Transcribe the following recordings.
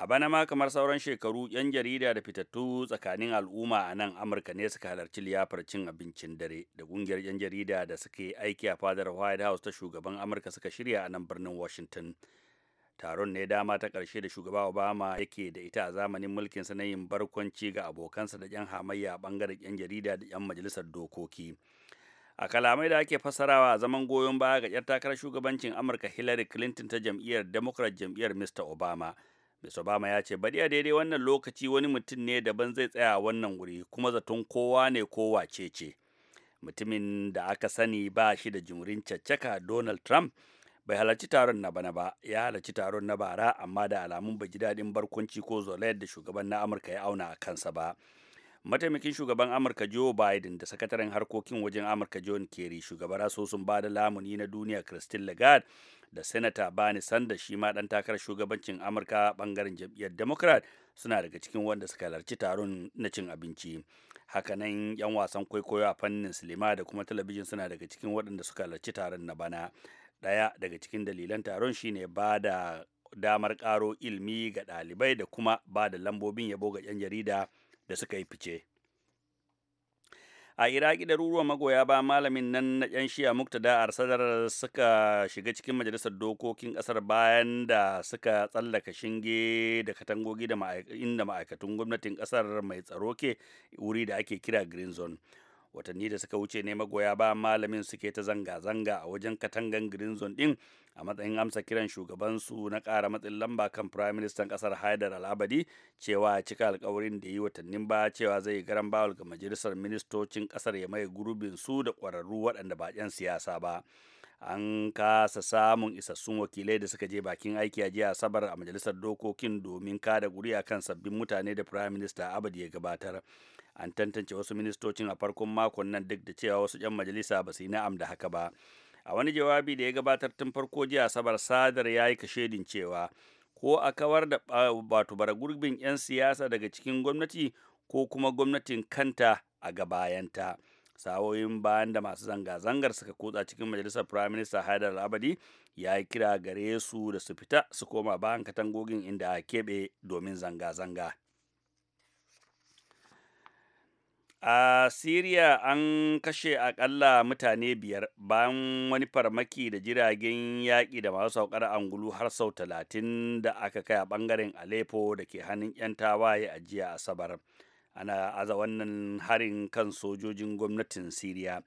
a bana ma kamar sauran shekaru 'yan jarida da fitattu tsakanin al'umma a nan amurka ne suka halarci liyafar cin abincin dare da kungiyar 'yan jarida da suke aiki a fadar white house ta shugaban amurka suka shirya a nan birnin washington taron ne dama ta ƙarshe da shugaba obama yake da ita a zamanin mulkin na yin barkwanci ga abokansa da 'yan hamayya a ɓangaren 'yan jarida da 'yan majalisar dokoki a kalamai da ake fasarawa a zaman goyon baya ga 'yar takarar shugabancin amurka hillary clinton ta jam'iyyar democrat jam'iyyar mr obama Mr. Obama ya ce bari a daidai wannan lokaci wani mutum ne daban zai tsaya wannan wuri kuma zaton kowa ne ko wace ce. Mutumin da aka sani ba shi da jimurin caccaka Donald Trump bai halarci taron na bana ba ya halarci taron na bara amma da alamun bai ji daɗin barkwanci ko zolayar da shugaban na Amurka ya auna a kansa ba. mataimakin shugaban amurka joe biden da sakataren harkokin wajen amurka john kerry shugabar asusun ba da lamuni na duniya christine lagarde da Senata Bani Sanda shi ma ɗan takarar shugabancin Amurka bangaren jam'iyyar Democrat suna daga cikin wanda suka halarci taron na cin abinci. Hakanan 'yan wasan kwaikwayo a fannin silima da kuma talabijin suna daga cikin waɗanda suka halarci taron na bana. Ɗaya daga cikin dalilan taron shine ba da damar karo ilimi ga ɗalibai da kuma ba da lambobin yabo ga 'yan jarida da suka yi fice. a iraki ɗaruruwan magoya ba malamin nan na yan shiya muktada arsadar suka shiga cikin majalisar dokokin ƙasar bayan da suka tsallaka shinge da katangogi inda ma'aikatan gwamnatin ƙasar mai tsaro ke wuri da ake kira green zone watanni da suka wuce ne magoya bayan malamin suke ta zanga-zanga a wajen katangan green zone din a matsayin amsa kiran shugabansu na ƙara matsin lamba kan prime minister ƙasar haidar al'abadi cewa cika alkawarin da yi watannin ba cewa zai yi garan bawul ga majalisar ministocin ƙasar ya mai gurbin su da ƙwararru waɗanda ba 'yan siyasa ba an kasa samun isassun wakilai da suka je bakin aiki a jiya asabar a majalisar dokokin domin kada guri kan sabbin mutane da prime minister Abadi ya gabatar an tantance wasu ministocin a farkon makon nan duk da cewa wasu 'yan majalisa ba su yi na'am da haka ba a wani jawabi da ya gabatar tun farko jiya asabar sadar ya yi kashedin cewa ko a kawar da wato bara gurbin 'yan siyasa daga cikin gwamnati ko kuma gwamnatin kanta a gabayanta. sawoyin bayan da masu zanga-zangar suka kutsa cikin majalisar prime minister haidar abadi ya yi kira gare su da su fita su koma bayan katangogin inda a keɓe domin zanga-zanga a syria an kashe akalla mutane biyar bayan wani farmaki da jiragen yaƙi da masu saukar angulu har sau talatin da aka kai a ɓangaren aleppo da ke hannun 'yan tawaye a jiya asabar. ana aza wannan harin kan sojojin gwamnatin siriya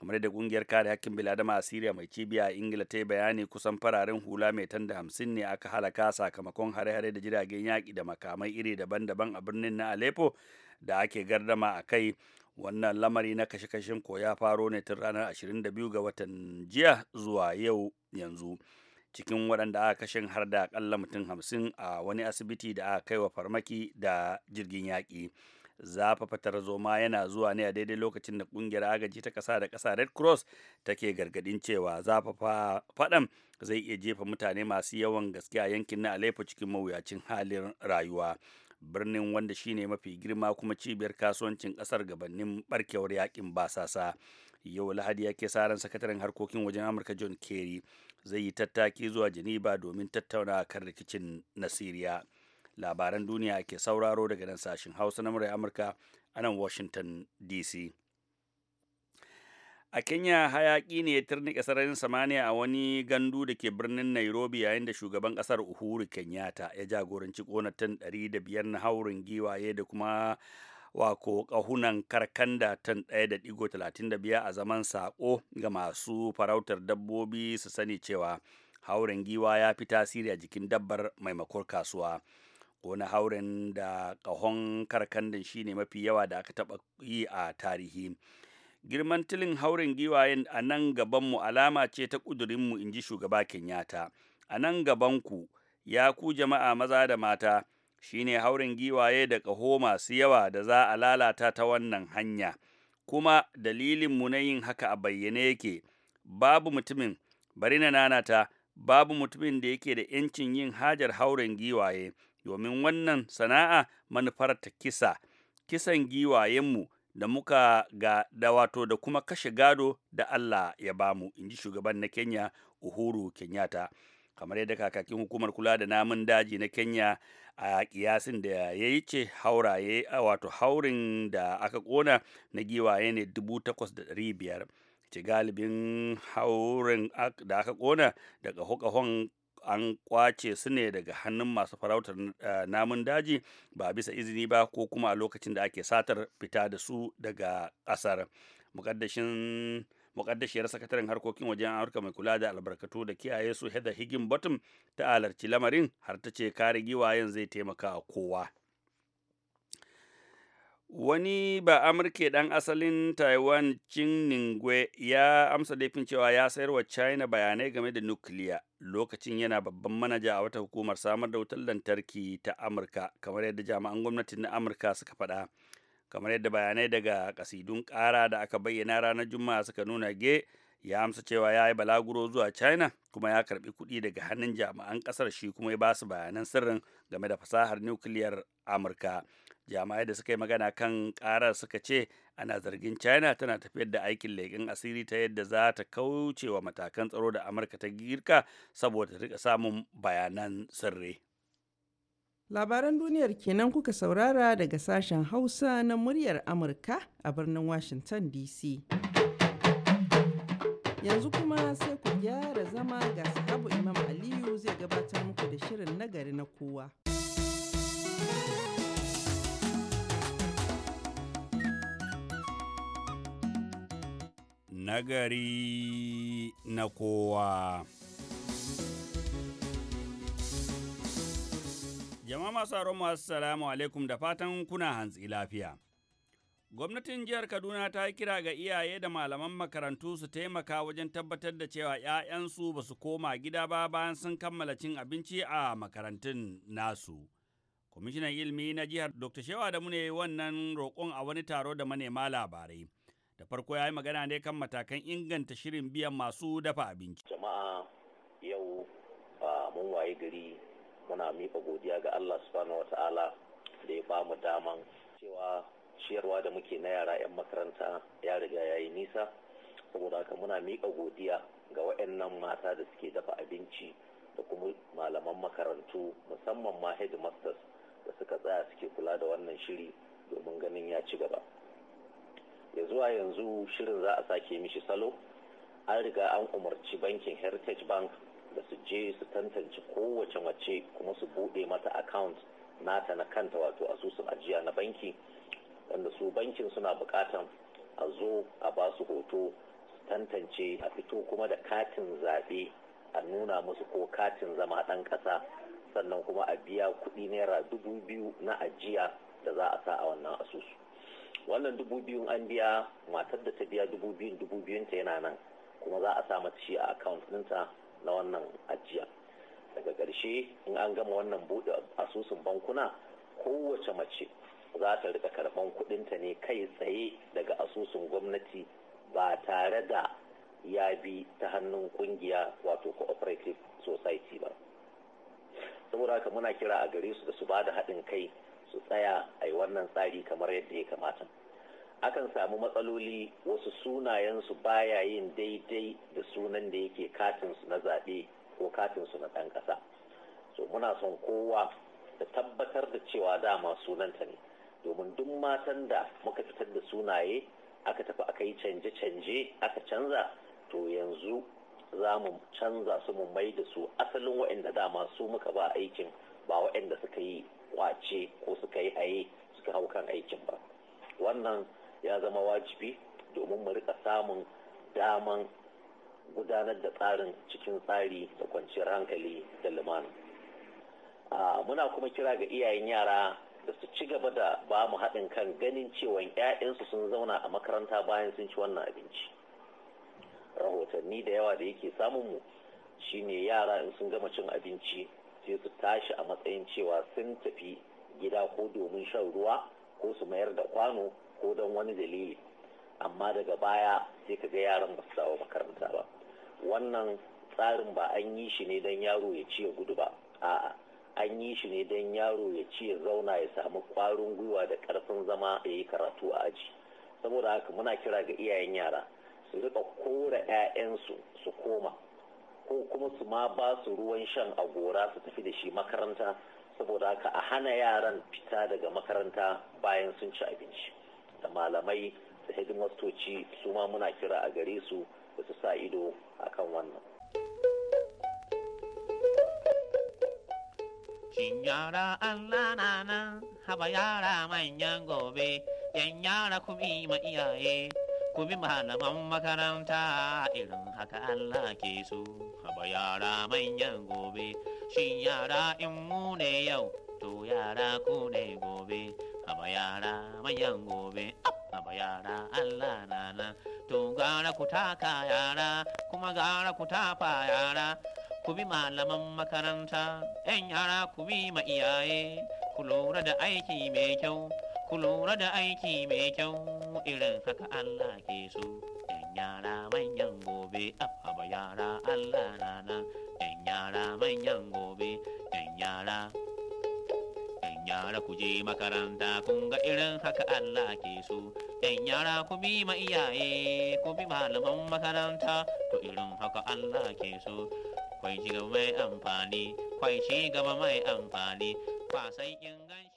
kamar da kungiyar kare hakkin biladama a siriya mai cibiya a ingila ta yi bayani kusan fararen hula mai tanda hamsin ne aka halaka sakamakon hare-hare da jiragen yaƙi da makamai iri daban-daban a birnin na aleppo da ake gardama a kai wannan lamari na kashe-kashen ko ya faro ne tun ranar 22 ga watan jiya zuwa yau yanzu cikin waɗanda aka kashe har da akalla mutum hamsin a wani asibiti da aka kai wa farmaki da jirgin yaƙi. zafa fitar tarzoma yana zuwa ne a daidai lokacin da kungiyar agaji ta kasa da kasa red cross take gargadin cewa zafa fadan zai iya jefa mutane masu yawan gaske a yankin na alaifa cikin mawuyacin halin rayuwa birnin wanda shine mafi girma kuma cibiyar kasuwancin kasar gabanin barkewar yakin basasa yau lahadi ya ke saran sakataren harkokin wajen amurka john kerry zai yi tattaki zuwa geneva domin tattauna kan rikicin na siriya labaran duniya ke sauraro daga nan sashen hausa na murai amurka a nan washington dc a kenya hayaƙi ne ya turnike sararin samaniya a wani gandu da ke birnin nairobi yayin da shugaban ƙasar uhuru kenyatta ya jagoranci da biyar na haurin giwaye da kuma wako ƙahunan karkanda tan 1.35 a zaman saƙo ga masu farautar dabbobi su sani cewa haurin giwa ya fi tasiri a jikin dabbar maimakon kasuwa Wani hauren da ƙahon shi shine mafi yawa da aka taɓa yi a tarihi girman tilin hauren giwayen a nan gabanmu alama ce ta ƙudurinmu in ji shugaba kenyatta a nan gabanku ya ku jama'a maza da mata shine hauren giwaye da ƙaho masu yawa da za a lalata ta wannan hanya kuma dalilinmu na yin haka a bayyane yake babu mutumin bari na nanata babu mutumin da yake da 'yancin yin hajar hauren giwaye domin wannan sana'a manufar ta kisa kisan giwayenmu da muka ga da wato da kuma kashe gado da Allah ya bamu ji shugaban na Kenya Uhuru Kenyatta kamar yadda kakakin hukumar kula da namun daji na Kenya a kiyasin da ya yi ce hauraye wato haurin da aka kona na giwaye ne dubu takwas da ɗari biyar ce galibin haurin da aka kona daga hukahon an kwace su ne daga hannun masu farautar eh, namun daji ba bisa izini ba ko kuma a lokacin da ake satar fita da su daga ƙasar mukaddashin mukaddashiyar sakataren harkokin wajen amurka mai kula da albarkatu da kiyaye su heather higginbottom ta alarci lamarin har ta ce kare giwayen zai taimaka kowa Wani ba Amurke ɗan asalin Taiwan Jin Ningwe ya amsa laifin cewa ya sayar wa China bayanai game da nukiliya lokacin yana babban manaja a wata hukumar samar da wutar lantarki ta Amurka kamar yadda jami'an gwamnati na Amurka suka faɗa. Kamar yadda bayanai daga kasidun ƙara da aka bayyana ranar Juma'a suka nuna ge ya amsa cewa ya yi balaguro zuwa China kuma ya karbi kuɗi daga hannun jami'an ƙasar shi kuma ya ba su bayanan sirrin game da fasahar nukiliyar Amurka. jama'ai da suka yi magana kan karar suka ce ana zargin china tana tafiyar da aikin leƙen asiri ta yadda za ta kauce wa matakan tsaro da amurka ta girka saboda ta samun bayanan sirri labaran duniyar kenan kuka saurara daga sashen hausa na muryar amurka a birnin washington dc yanzu kuma sai ku gyara zama ga sahabu imam aliyu zai gabatar muku da shirin nagari na kowa nagari na kowa. Jama'a masu aron masu salamu alaikum da fatan kuna hantsi lafiya. Gwamnatin jihar Kaduna ta yi kira ga iyaye da malaman makarantu su taimaka wajen tabbatar da cewa ‘ya'yansu ba su koma gida ba bayan sun kammala cin abinci a makarantun nasu. Kwamishinan Ilmi na jihar Dr. Shewa da mune wannan roƙon a wani taro da manema labarai. da farko ya yi magana ne kan matakan inganta shirin biyan masu dafa abinci. Jama'a yau mun waye gari muna miƙa godiya ga Allah subhanahu wata'ala da ya bamu daman cewa ciyarwa da muke na yara 'yan makaranta ya riga ya yi nisa saboda haka muna miƙa godiya ga wa'annan mata da suke dafa abinci da kuma malaman makarantu musamman ma headmasters da suka tsaya suke kula da wannan shiri domin ganin ya ci gaba. ya zuwa yanzu shirin za a sake mishi salo an riga an umarci bankin heritage bank da su je su tantance kowace mace kuma su buɗe mata account nata na kanta wato asusun ajiya na banki wanda su bankin suna bukatan a zo a ba su hoto su tantance a fito kuma da katin zaɓe a nuna musu ko katin zama ɗan ƙasa sannan kuma a biya kuɗi naira dubu biyu na ajiya da za a sa a wannan asusu wannan dubu biyun an biya matar da ta biya dubu biyun dubu biyun ta yana nan kuma za a sa mata shi a account ɗinta na wannan ajiya daga ƙarshe in an gama wannan buɗe asusun bankuna kowace mace za ta rika karɓan kuɗinta ne kai tsaye daga asusun gwamnati ba tare da ya bi ta hannun ƙungiya wato cooperative society ba saboda haka muna kira a gare su da su ba da haɗin kai su tsaya a yi wannan tsari kamar yadda ya kamata akan samu matsaloli wasu sunayensu baya yin daidai da sunan da yake katinsu na zaɓe ko katinsu na ɗan ƙasa so muna son kowa da tabbatar da cewa dama sunanta ne domin duk matan da muka fitar da sunaye aka tafi aka yi canje-canje aka canza to yanzu za mu canza su mu mai da su asalin waɗanda dama su muka ba aikin ba waɗanda suka yi kwace ko suka yi haye suka hau kan aikin ba wannan ya zama wajibi domin mu rika samun daman gudanar da tsarin cikin tsari da kwanciyar hankali da lumana muna kuma kira ga iyayen yara da su ci gaba da ba mu haɗin kan ganin cewa 'ya'yansu sun zauna a makaranta bayan sun ci wannan abinci rahotanni da yawa da yake samunmu shine yara in sun gama cin abinci sai su tashi a matsayin cewa sun tafi gida ko domin shan ruwa ko su mayar da kwano ko don wani dalili amma daga baya sai ka ga yaran ba su dawo makaranta ba wannan tsarin ba an yi shi ne don yaro ya ci ya gudu ba a'a an yi shi ne don yaro ya ci ya zauna ya samu kwarin gwiwa da karfin zama ya yi karatu a aji saboda haka muna kira ga iyayen yara su rika kora 'ya'yansu su koma ko kuma su ma ba su ruwan shan a gora su tafi da shi makaranta saboda haka a hana yaran fita daga makaranta bayan sun ci abinci da malamai da hidimastoci su ma muna kira a gare su da su sa ido akan wannan yara Allah na nan haba yara manyan gobe, yan yara kuma ma iyaye, ku bi malaman makaranta irin haka Allah ke so, haba yara manyan gobe, shin yara in mu ne yau, to yara ku ne gobe, haba yara manyan gobe, haba yara Allah nana, to gara ku taka yara, kuma gara ku tafa yara, ku malaman makaranta, ‘yan yara ku bi ma iyaye, ku lura da aiki mai kyau, ku lura da aiki mai kyau. irin haka Allah ke so yan yara manyan gobe abba yara Allah na nan yan yara manyan gobe yan yara yan yara ku je makaranta kun ga irin haka Allah ke so yan yara ku bi ma iyaye ku bi malaman makaranta to irin haka Allah ke so kwai ci gaba mai amfani kwai ci gaba mai amfani kwasan inganci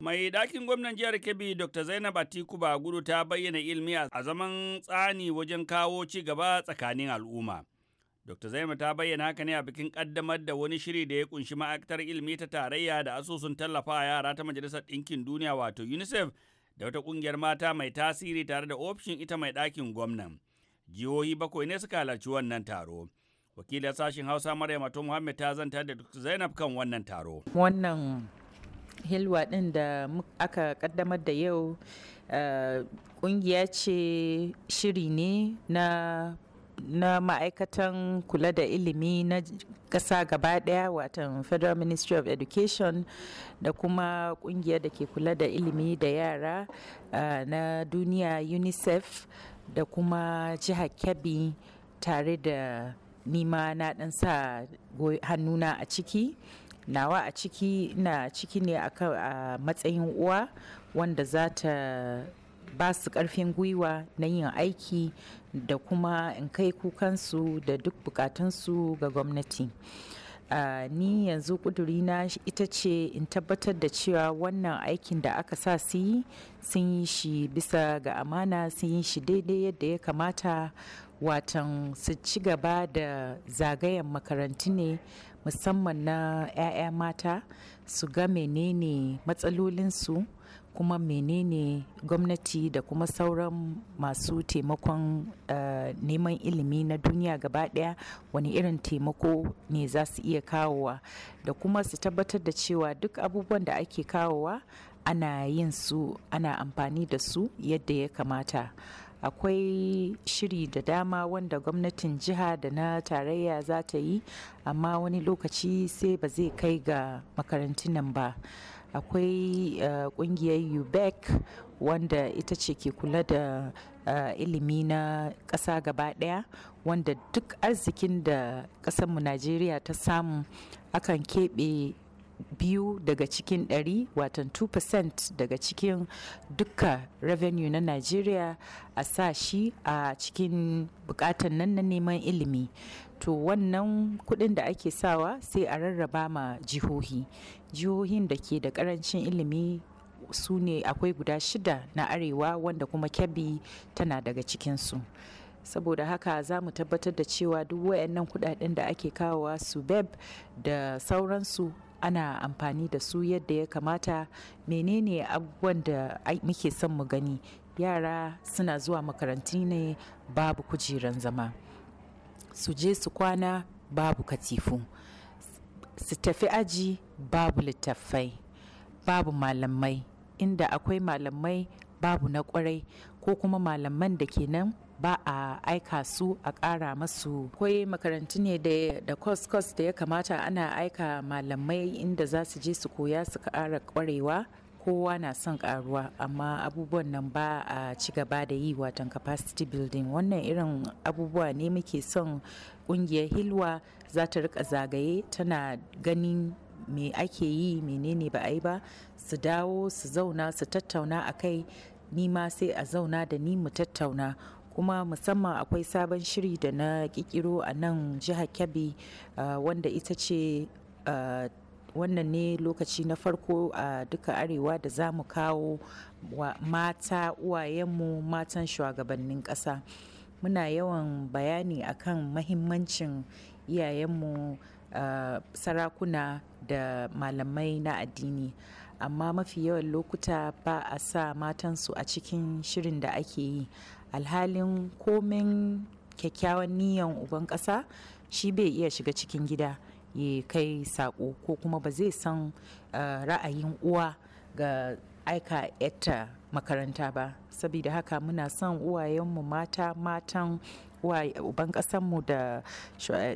Mai dakin gwamnan jihar Kebbi Dr. Zainab Atiku Bagudu ta bayyana ilimi a zaman tsani wajen kawo ci gaba tsakanin al'umma. Dr. Zainab ta bayyana haka ne a bikin ƙaddamar da wani shiri da ya kunshi ma'aikatar ilimi ta tarayya da asusun tallafa a yara ta Majalisar Ɗinkin Duniya wato UNICEF da wata ƙungiyar mata mai tasiri tare da ofishin ita mai ɗakin gwamnan. Jihohi bakwai ne suka halarci wannan taro. Wakilin sashen Hausa Maryam Muhammad ta zanta da Dr. Zainab kan wannan taro. Wannan hilwa din da aka kaddamar da yau kungiya eh, ce shiri ne na na ma'aikatan kula da ilimi na ƙasa gaba ɗaya watan federal ministry of education da kuma ƙungiyar da ke kula da ilimi da yara eh, na duniya unicef da kuma jihar kebbi tare da nima na ɗan sa hannuna a ciki nawa a ciki na ciki ne a matsayin uwa wanda za ta ba su karfin gwiwa na yin aiki da kuma in kai kukansu da duk bukatunsu ga gwamnati uh, ni yanzu na ita ce in tabbatar da cewa wannan aikin da aka sa su yi sun yi shi bisa ga amana sun yi shi daidai yadda ya kamata watan su ci gaba da zagayen makarantu ne musamman na 'ya'ya mata su ga menene matsalolinsu kuma menene gwamnati da kuma sauran masu taimakon uh, neman ilimi na duniya gaba daya wani irin taimako ne za su iya kawowa da kuma su tabbatar da cewa duk abubuwan da ake kawowa ana yin su ana amfani da su yadda ya kamata akwai shiri da dama wanda gwamnatin jiha da na tarayya za ta yi amma wani lokaci sai ba zai kai ga makarantunan ba akwai kungiyar eh, ubec wanda ita ce ke kula da uh, ilimi na ƙasa gaba ɗaya wanda duk arzikin da ƙasarmu najeriya ta samu akan keɓe biyu daga cikin ɗari watan 2% daga cikin duka revenue na nigeria a sa shi a cikin bukatan nan na neman ilimi to wannan kuɗin da ake sawa sai a rarraba ma jihohi jihohin da ke da karancin ilimi su ne akwai guda shida na arewa wanda kuma kebbi tana daga cikinsu saboda haka za mu tabbatar da cewa duk wayannan kudaden da ake kawowa su beb da sauransu ana amfani da su yadda ya kamata menene abubuwan da muke son mu gani yara suna zuwa makaranti ne babu kujeran zama su je su kwana babu katifu su tafi aji babu littattafai babu malamai inda akwai malamai babu na kwarai ko kuma malaman da ke nan ba a aika su a ƙara masu kwai makarantu ne da kos-kos da ya kamata ana aika malamai inda za su je su koya su ƙara ƙwarewa kowa na son ƙaruwa amma abubuwan nan ba a ci gaba da yi watan capacity building wannan irin abubuwa ne muke son ƙungiyar hilwa za ta rika zagaye tana ganin me ake yi menene ba a yi ba su dawo su zauna su tattauna a kai nima sai a zauna da ni mu tattauna kuma musamman akwai sabon shiri da na kikiro a nan jihar kebbi wanda ita ce wannan ne lokaci na farko a duka arewa da za mu kawo mata uwayenmu matan shugabannin ƙasa muna yawan bayani akan mahimmancin iyayenmu uh, sarakuna da malamai na addini amma mafi yawan lokuta ba a sa matansu a cikin shirin da ake yi alhalin komen kyakkyawan niyan uban ƙasa shi bai iya shiga cikin gida ya kai sako ko kuma ba zai san eh, ra'ayin uwa ga aika yatta makaranta ba saboda haka muna son uwayenmu mata matan uban ƙasanmu da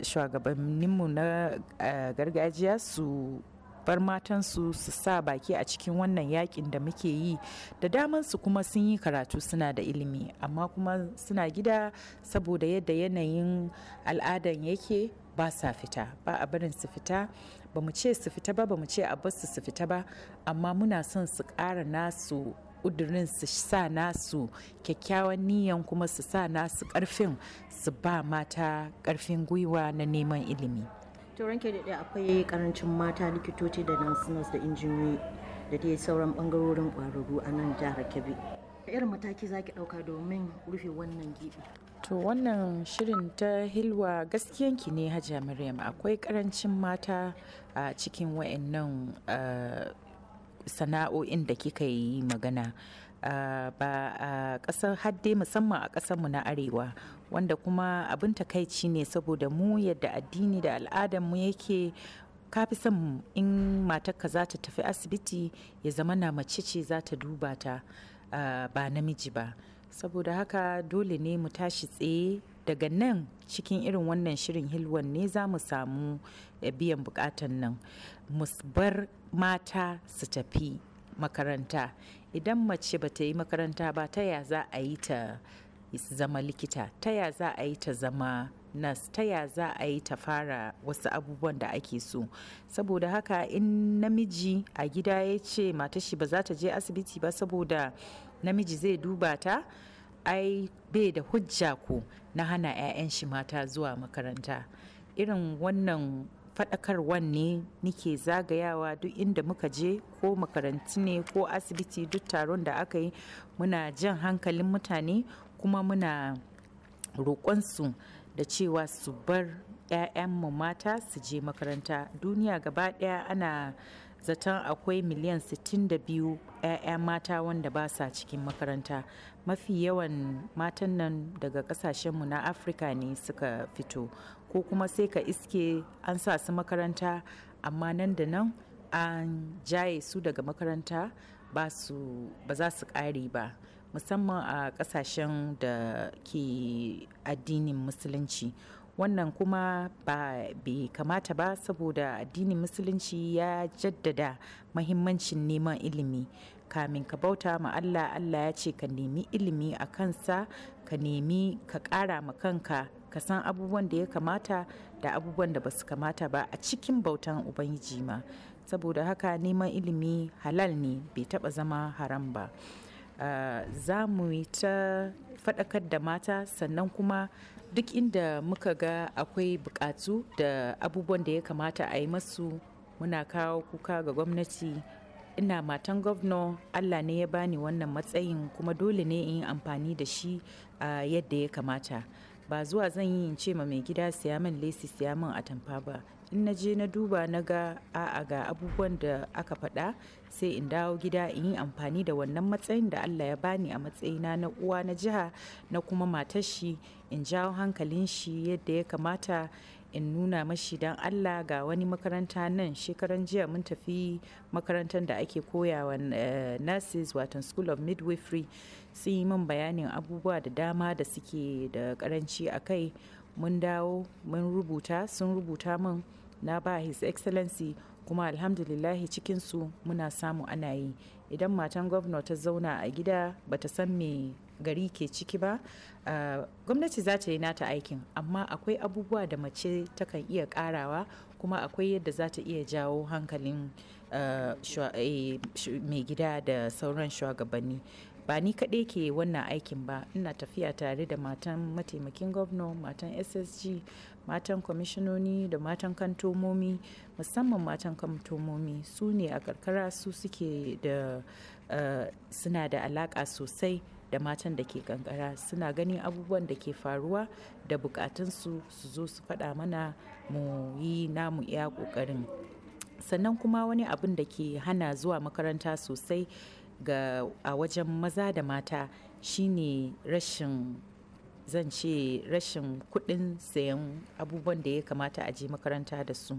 shugabanninmu na eh, gargajiya su bar matansu su sa baki a cikin wannan yakin da muke yi da daman su kuma sun yi karatu suna da ilimi amma kuma suna gida saboda yadda yanayin al'adan yake ba sa fita ba a barin su fita ba mu ce su fita ba ba mu ce a bar su su fita ba amma muna son su ƙara nasu ƙudurin su sa nasu kyakkyawan niyan kuma su sa nasu ƙarfin su ba mata ƙarfin gwiwa na neman ilimi to ranke da akwai karancin mata likitoci da nurse da injiniyoyi da dai sauran bangarorin kwararru a nan jihar kebbi irin mataki za ki ɗauka domin rufe wannan gibi to wannan shirin ta hilwa gaskiyan ki ne hajiya maryam akwai karancin mata a cikin wayannan eh, sana'o'in da kika yi magana ba a ƙasar hadde musamman a ƙasarmu na arewa wanda kuma abin takaici ne saboda mu yadda addini da al'adarmu yake ka fi son in matarka za ta tafi asibiti ya zama na mace ce za ta duba ta ba namiji ba saboda haka dole ne mu tashi tsaye daga nan cikin irin wannan shirin hilwan ne za mu samu biyan bukatan nan mu bar mata su tafi makaranta idan mace ba ta yi makaranta ba ta ya za a yi ta zama likita ta ya za a yi ta zama nas ta ya za a yi ta fara wasu abubuwan da ake so saboda haka in namiji a gida ya ce matashi ba za ta je asibiti ba saboda namiji zai duba ta ai bai da hujja ko na hana 'ya'yan shi mata zuwa makaranta irin wannan faɗakarwan ne nike zagayawa duk inda muka je ko makarantu ne ko asibiti duk taron da aka yi muna jan hankalin mutane kuma muna roƙonsu da cewa su bar 'ya'yanmu mata su je makaranta duniya gaba ɗaya ana zaton akwai miliyan 62 'ya'ya mata wanda ba sa cikin makaranta mafi yawan matan nan daga kasashenmu na afirka ne suka fito ko kuma sai ka iske an sa su makaranta amma nan da nan an jaye su daga makaranta ba za su ƙare ba musamman a kasashen da ke addinin musulunci wannan kuma ba bai kamata ba saboda addinin musulunci ya jaddada mahimmancin neman ilimi kamin ka bauta ma Allah Allah ya ce ka nemi ilimi a kansa ka nemi ka kara ma kanka ka san abubuwan da ya kamata da abubuwan da basu kamata ba a cikin bautan ubangiji ma saboda haka neman ilimi halal ne bai taba zama haram ba za mu yi ta faɗakar da mata sannan kuma duk inda muka ga akwai buƙatu da abubuwan da ya kamata a yi masu muna kawo kuka ga gwamnati ina matan gwamna allah ne ya bani wannan matsayin kuma dole ne in yi amfani da shi a yadda ya kamata ba zuwa zan yi in ce ma mai gida siya min lesi siya min atamfa ba in na je na duba na ga a'a ga abubuwan da aka faɗa sai in dawo gida in yi amfani da wannan matsayin da Allah ya bani a matsayina na uwa na jiha na kuma matar shi in jawo hankalin shi yadda ya kamata in nuna mashi don Allah ga wani makaranta nan shekaran jiya mun tafi makarantar da ake koyawa eh, nurses wato school of midwifery sun yi min bayanin abubuwa da dama da suke da karanci a kai mun dawo mun rubuta sun rubuta min na ba his excellency kuma alhamdulillahi cikinsu muna samu ana yi idan matan gwamna ta zauna a gida ba ta san me gari ke ciki ba gwamnati za ta yi nata aikin amma akwai abubuwa da mace ta kan iya karawa kuma akwai yadda za ta iya jawo hankalin mai gida da sauran shugabanni ba ni kaɗai ke wannan aikin ba ina tafiya tare da matan mataimakin gwamna matan ssg matan kwamishinoni da matan kantomomi musamman matan kantomomi su ne a karkara su suke da eh, suna da alaka sosai da matan da ke kankara suna ganin abubuwan da ke faruwa da bukatunsu su zo su faɗa mana mu yi namu iya ƙoƙarin sannan kuma wani abin da ke hana zuwa makaranta sosai ga a wajen maza da mata shine rashin zan ce rashin kuɗin sayan abubuwan da ya kamata a je makaranta da su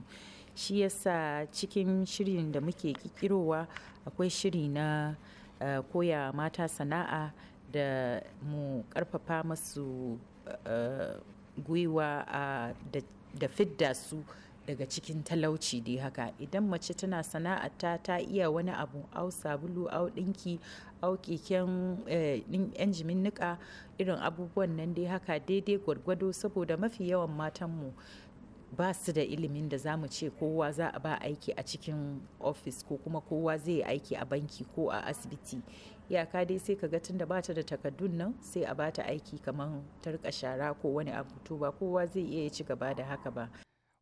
shi yasa cikin shirin da muke kikirowa akwai shiri na uh, koya mata sana'a da mu karfafa masu uh, gwiwa uh, da, da fidda su daga cikin talauci dai haka idan mace tana sana'a ta ta iya wani abu au sabulu au ɗinki aukiken yan eh, nika irin abubuwan nan dai haka daidai gwargwado saboda mafi yawan matanmu ba su da ilimin da za mu ce kowa za a ba aiki a cikin ofis ko kuma kowa zai yi aiki a banki ko a asibiti iyaka dai sai ka ga tun da bata da takardun nan sai a bata aiki kamar tarka shara ko wani abu to ba kowa zai iya ci gaba da haka ba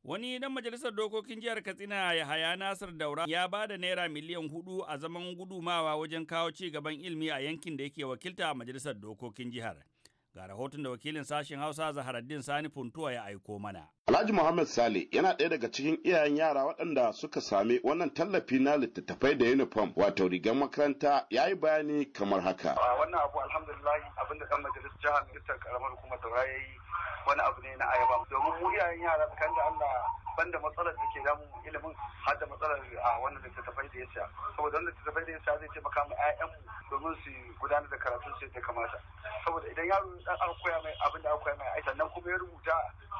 Wani dan majalisar dokokin jihar Katsina Yahaya Nasir Daura ya ba da naira miliyan hudu a zaman gudumawa wajen kawo ci gaban ilimi a yankin da yake wakilta a majalisar dokokin jihar. Ga rahoton da wakilin sashen Hausa Zaharaddin Sani Funtuwa ya aiko mana. Alhaji Muhammad Sale yana ɗaya daga cikin iyayen yara waɗanda suka sami wannan tallafi na littattafai da uniform wato rigar makaranta ya yi bayani kamar haka. Wannan abu alhamdulillahi abinda ɗan majalis jihar ministan karamar hukumar da ya yi wani abu ne na ayaba. Domin mu iyayen yara tsakanin da Allah banda matsalar da ke damu ilimin har da matsalar a ah, wannan littattafai da ya siya saboda wannan littattafai da ya siya zai taimaka mu ƴaƴan domin su gudanar da karatun su yadda kamata saboda idan yaro dan aka koya mai abin da aka koya mai ai nan kuma ya rubuta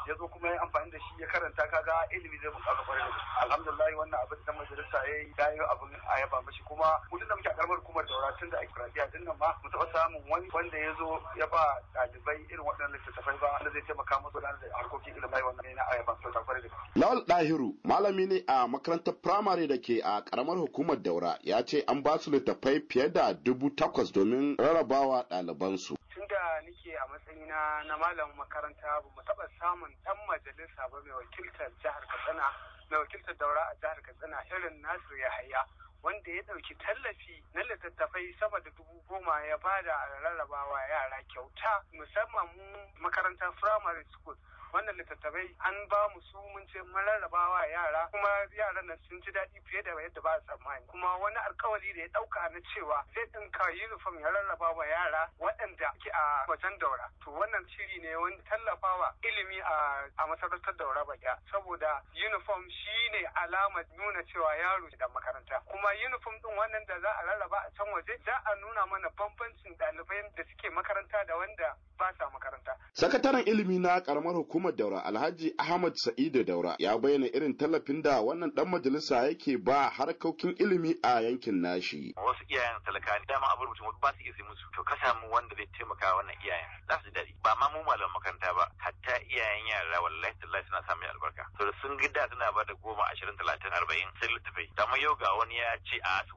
ya zo kuma ya amfani da shi ya karanta kaga ilimi zai bunƙasa kwarai da alhamdulillah wannan abin da majalisa ya yi dayo abin a yaba mashi kuma mu da muke karamar kuma daura tun da ake rafiya din nan ma mu taɓa samun wani wanda ya zo ya ba ɗalibai irin waɗannan littattafai ba wanda zai taimaka musu da harkokin ilimin wannan ne na a yaban kwarai da Paul Dahiru malami ne a makarantar firamare da ke a karamar hukumar Daura ya ce an ba su littattafai fiye da dubu takwas domin rarrabawa ɗalibansu. Tun da nike a matsayina na malamin makaranta ba mu taɓa samun ɗan majalisa ba mai wakiltar jihar Katsina mai wakiltar Daura a jihar Katsina irin Nasiru Yahaya wanda ya ɗauki tallafi na littattafai sama da dubu goma ya bada rarrabawa yara kyauta musamman mu makarantar firamare school wannan littattafai an ba mu su mun ce mun rarrabawa yara kuma yaran nan sun ji daɗi fiye da yadda ba tsammani kuma wani alkawari da ya ɗauka na cewa zai ɗinka yunifom ya rarraba wa yara waɗanda ke a wajen daura to wannan shiri ne wani tallafawa ilimi a masarautar daura baya. saboda yunifom ne alamar nuna cewa yaro da makaranta kuma yunifom ɗin wannan da za a rarraba a can waje za a nuna mana bambancin ɗalibai da suke makaranta da wanda ba sa makaranta sakataren ilimi na ƙaramar hukumar hukumar Daura Alhaji Ahmad Sa'idu Daura ya bayyana irin tallafin da wannan dan majalisa yake ba harkokin ilimi a yankin nashi. Wasu iyayen talaka ne dama abin mutum ba su iya sai musu to ka samu wanda zai taimaka wannan iyayen za su dadi. ba ma mu malaman makaranta ba hatta iyayen yara wallahi tallahi suna samun albarka. To sun gida suna ba da goma ashirin talatin arba'in sai littafai. Dama yau ga wani ya ce a su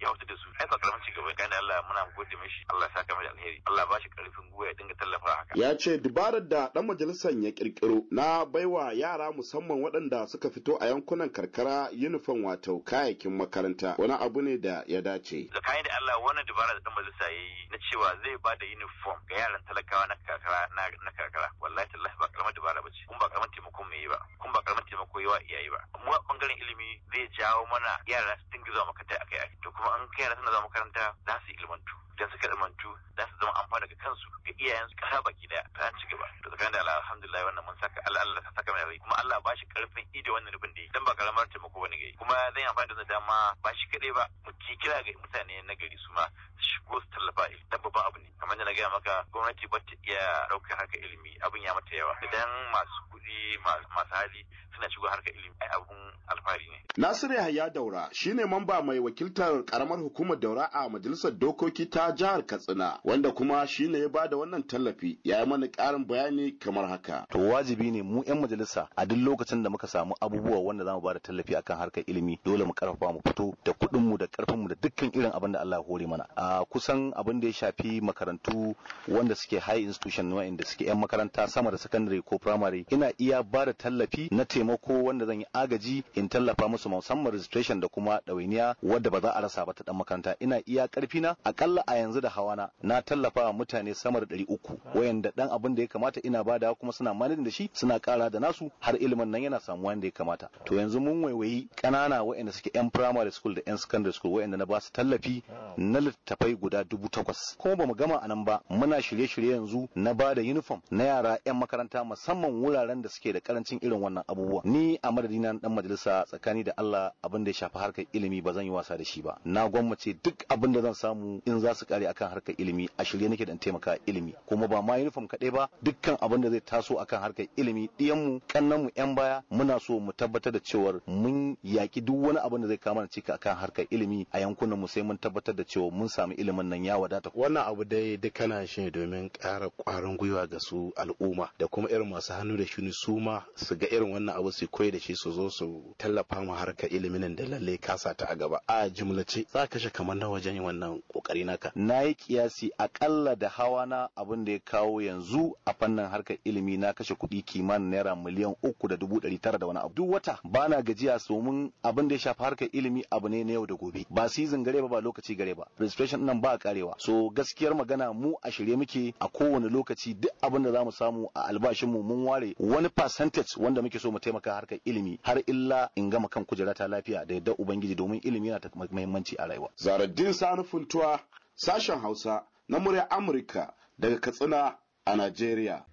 ya hutu da su ai ba karamin ci gaba gane Allah muna gode mishi Allah saka mai alheri Allah ba shi karfin gwiwa ya dinga tallafa haka ya ce dubarar da dan majalisar ya kirkiro na baiwa yara musamman waɗanda suka fito a yankunan karkara yunifon wato kayakin makaranta wani abu ne da ya dace da kayan da Allah wannan dubara da dan majalisa ya yi na cewa zai ba da uniform ga yaran talakawa na karkara na karkara wallahi tallahi ba karamar dubara ba ce kun ba karamar taimako mai yi ba kun ba karamar taimako yawa iyaye ba mu bangaren ilimi zai jawo mana yara su dinga zuwa makaranta akai akai to kuma kuma an kai suna zama makaranta za su ilmantu idan suka ilmantu za su zama amfani ga kansu ga iyayensu kasa baki daya ta an ci gaba to tsakanin da alhamdulillah wannan mun saka Allah Allah ta saka mai kuma Allah ba shi karfin ido wannan rubin da yi dan ba karamar taimako bane gai kuma zan yi amfani da dama ba shi kadai ba mu ki kira ga mutane na gari su ma su shigo su tallafa dan ba abu ne kamar yadda na gaya maka gwamnati ba ta iya ɗaukar haka ilimi abin ya mata yawa idan masu kuɗi masu hali suna shigo harkar ilimi ai abun alfahari ne. Nasiru Yahaya Daura shine mamba mai wakiltar karamar hukumar Daura a majalisar dokoki ta jihar Katsina wanda kuma shine ya bada wannan tallafi ya yi mana ƙarin bayani kamar haka. To wajibi ne mu 'yan majalisa a duk lokacin da muka samu abubuwa wanda za mu bada tallafi akan harkar ilimi dole mu karfafa mu fito da kuɗin mu da ƙarfinmu da dukkan irin abin da Allah hore mana. A kusan abin da ya shafi makarantu wanda suke high institution wa'inda suke 'yan makaranta sama da secondary ko firamare, ina iya ba da tallafi na taimako wanda zan yi agaji in tallafa musu musamman registration da kuma ɗawainiya wadda ba za a rasa ba ta ɗan makaranta ina iya karfi na akalla a yanzu da hawana na tallafa wa mutane sama da ɗari uku wayanda ɗan abin da ya kamata ina bada kuma suna manin da shi suna ƙara da nasu har ilimin nan yana samuwa da ya kamata to yanzu mun waiwayi ƙanana wayanda suke yan primary school da yan secondary school wayanda na ba su tallafi na littattafai guda dubu takwas kuma bamu gama a nan ba muna shirye-shirye yanzu na ba da uniform na yara yan makaranta musamman wuraren da da suke da karancin irin wannan abubuwa ni a madadina dan majalisa tsakani da Allah abin da ya shafi harkar ilimi ba zan yi wasa da shi ba na gwammace duk abin da zan samu in za su kare akan harkar ilimi a shirye nake dan taimaka ilimi kuma ba ma uniform kaɗai ba dukkan abin da zai taso akan harkar ilimi mu, kannan mu, yan baya muna so mu tabbatar da cewa mun yaki duk wani abin da zai kama na cika akan harkar ilimi a yankunan mu sai mun tabbatar da cewa mun samu ilimin nan ya wadata wannan abu dai duk kana shi domin ƙara ƙwarin gwiwa ga su al'umma da kuma irin masu hannu da shuni su ma su ga irin wannan abu su koyi da shi su zo su tallafa mu harka ilimin nan da lalle kasa ta a gaba a jumlace za ka kashe kamar na wajen yin wannan kokari naka na yi kiyasi akalla da hawa na abin da ya kawo yanzu a fannin harkar ilimi na kashe kuɗi kimanin naira miliyan uku da dubu ɗari tara da wani abu duk wata bana gajiya somin abin da ya shafi harkar ilimi abu ne na yau da gobe ba season gare ba ba lokaci gare ba registration nan ba karewa so gaskiyar magana mu a shirye muke a kowane lokaci duk abin da za mu samu a albashinmu mun ware wani wani percentage wanda muke so mu taimaka harkar ilimi har illa in gama kan kujera ta lafiya da yadda ubangiji domin ilimi yana da muhimmanci a rayuwa zaraddin sani funtuwa sashen hausa na murya amurka daga katsina a najeriya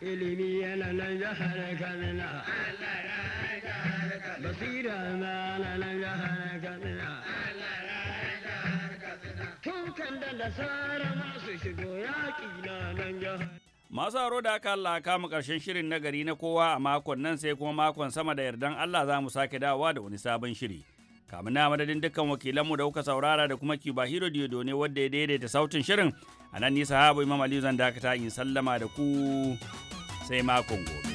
ilimi yana nan da masu shigo yaƙi Masu haro da aka Allah kama ƙarshen shirin na gari na kowa a makon nan sai kuma makon sama da yardan Allah za mu sake dawowa da wani sabon shiri. Kamin na madadin dukkan wakilanmu da kuka saurara da kuma kiba Hero Diodo ne wadda ya daidaita sautin shirin. A nan nisa habu Imam Aliyu zan dakata in sallama da ku sai makon gobe.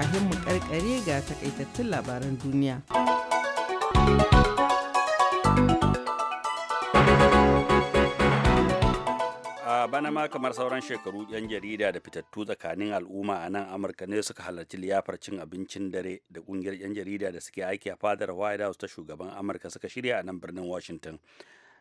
kahin mu karkare ga takaitattun labaran duniya. a bana ma kamar sauran shekaru yan jarida da fitattu tsakanin al'umma a nan amurka ne suka halarci liyafar cin abincin dare da kungiyar yan jarida da suke aiki a fadar white house ta shugaban amurka suka shirya a nan birnin washington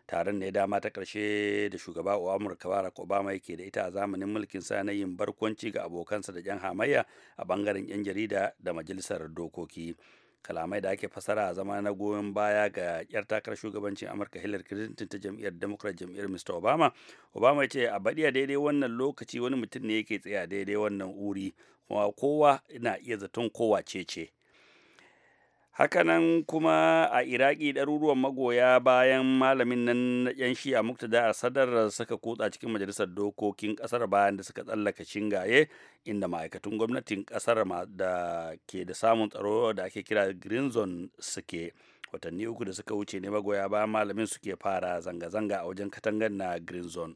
taron ne dama ta ƙarshe da shugaba amurka barack obama yake da ita a zamanin mulkin sa na yin barkwanci ga abokansa da 'yan hamayya a bangaren 'yan jarida da majalisar dokoki kalamai da ake fasara a zama na goyon baya ga yar takarar shugabancin amurka hillary clinton ta jam'iyyar democrat jam'iyyar mr obama obama ya ce a a daidai wannan lokaci wani mutum ne yake tsaye a daidai wannan uri kuma kowa na iya zaton kowa ce ce hakanan kuma a iraki ɗaruruwan magoya bayan malamin nan yan shi'a muktada a sadar suka kutsa cikin majalisar dokokin ƙasar bayan da suka tsallaka shingaye inda ma'aikatun gwamnatin ƙasar da ke da samun tsaro da ake kira green zone suke watanni uku da suka wuce ne magoya bayan malamin suke fara zanga-zanga a wajen katangar na green zone